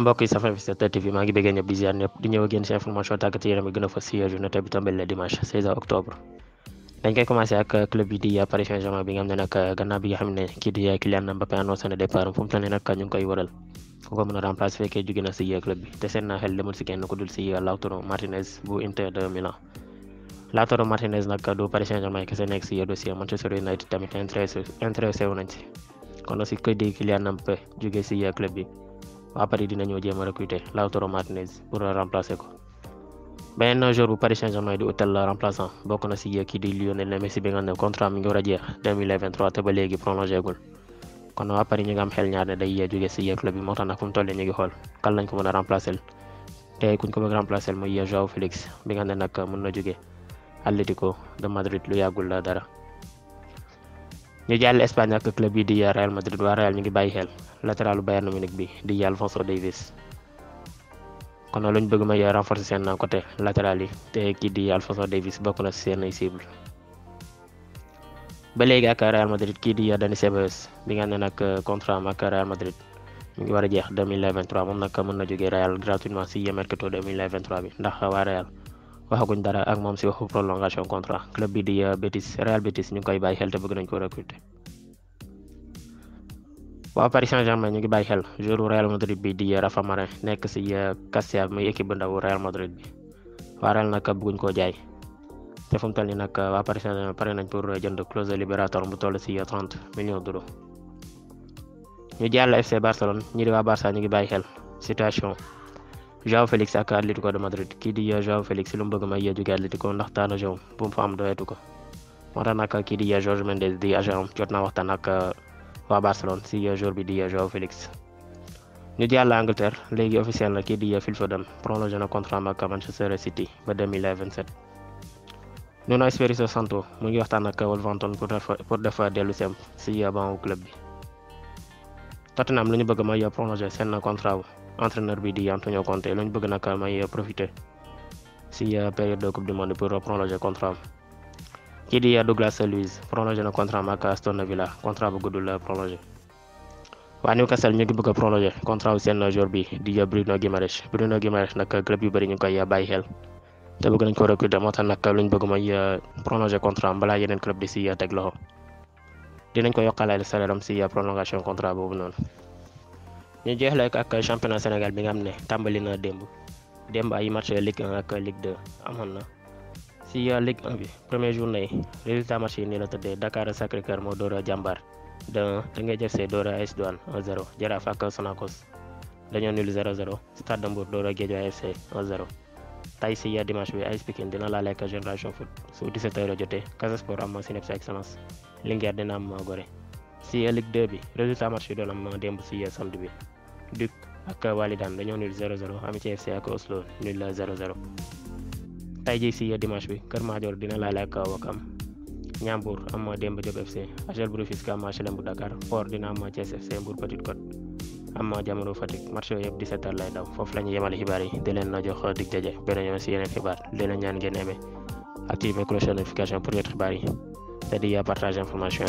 salaam mbokk yi safar bi 7 maa ngi bëggee ñëpp di ziar ñëpp di ñëw ak yéen si information tàggat yaram yi gën a fës si journée bi tombé na ko mën si club bi Martinez bu Inter de Milan Lautaro Martinez nag du Paris Saint-Germain kese Manchester United tamit intéressé intéressé wu nañ si kon aussi kii di Kylian Mbappé jóge si club bi. waa Paris dinañoo jéem a recruter Lautaro Martinez pour remplacer ko beneen joueur bu Paris Saint-Germain di utal remplaçant bokk na si kii di Lionel Messi bi nga ne contrat mi ngi war a jeex te ba léegi prolongé gul kon waa Paris ñu ngi am xel ñaar ne day jóge si club bi moo tax nag fu mu ñu ngi xool kan lañ ko mën a remplacer te kuñ ko bëgg remplacer mooy Joao Félix bi nga ne nag mën na jóge Atlético ñu jàll Espagne yi di Real latéralu Bayern Munich bi di Alphonso Davies kon nag lu ñu bëgg mooy renforcer seen côté latéral yi te kii di Alphonso Davies bokk na seen ay cible ba léegi ak Real Madrid kii di Dani Ceballos bi nga xam ne nag euh, contrat am ak Real Madrid mu ngi war a jeex moom nag mën na jógee Real gratuitement si mercato 2023 bi ndax waa Real waxaguñ dara ak moom si waxu prolongation contrat club bi di euh, Betis Real Betis ñu ngi koy bàyyi xel te bëgg nañ ko recruter. waaw Paris ñu ngi bàyyi xel joueur Real Madrid bi di Rafa Marin nekk si eh, Castilla muy équipe bu ndaw Real Madrid bi waa Real nag bëgguñ koo jaay te fu mu toll nii nag eh, waa Paris Saint-Germain pare nañ pour jënd clause libératoire bu toll si eh, trente millions d'euros ñu jàll FC Barcelone ñi di waa Barça ñu ngi bàyyi xel situation Joao Félix ak Atlético de Madrid kii di Joao Félix lu mu bëgg may jóge jot naa waxtaan ak. waa Barcelone si joueur bi di Joao Félix. ñu jàll Angleterre léegi officiel na kii di Phil Foden prolongé na contrat ak Manchester City ba 2027. Nuno Espirito Santo mu ngi waxtaan ak Wolverhampton pour def pour def dellu seem club bi. Tottenham lu ñu bëgg mooy prolongé seen contrat wu entraîneur bi di Antonio Conte lu ñu bëgg nag may profité si période de coupe du monde pour prolonger contrat am. kii di Douglas Luiz prolongé na contrat am ak Aston Villa contrat bu gudd la prolongé waa Newcastle ñu ngi bëgg a prolongé contrat wu seen joueur bi di Bruno Guimaraes Bruno Guimaraes nag club yu bëri ñu koy bàyyi xel te bëgg nañ ko recruter moo tax nag lu ñu bëgg mooy euh, prolongé am balaa yeneen club di si euh, teg loxo dinañ ko yokkalaale salaire am si euh, prolongation contrat boobu noonu. ñu jeexle ak championnat Sénégal bi nga xam ne tàmbali na démb démb ay ci euh, Ligue 1 bi première journée yi résultat match yi nii la tëddee Dakar Sacré-Cœur moo door a jàmbaar de Teungueth FC door a AS Douanes Jaraaf ak Sonacos dañoo nul 0-0 Stade de Mbour door a Guédiawaye FC 1-0 tey si euh, dimanche bi AS Pikine dina laale ak Génération Foot su 17h jotee Casa Sport am Cneps Excellence Linguère dina am Gorée si euh, Ligue 2 bi résultat match yi doon am démb si samedi bi Duc ak Walidane dañoo nul FC ak Oslo tey jii si dimanche bi Kër Madior dina laale ak Wakam Ñambour am Demba Diop FC HL Bru Fiska am HLM bu Dakar Port dina am Thiès FC Mbour Petite Côte am jamono Fatick match yooyu yëpp 17 heures lay daw foofu la ñuy yemale xibaar yi di leen jox dig daje beneen yoon si yeneen xibaar di ñaan ngeen aimé activer notification pour xibaar yi c'est-à-dire partage information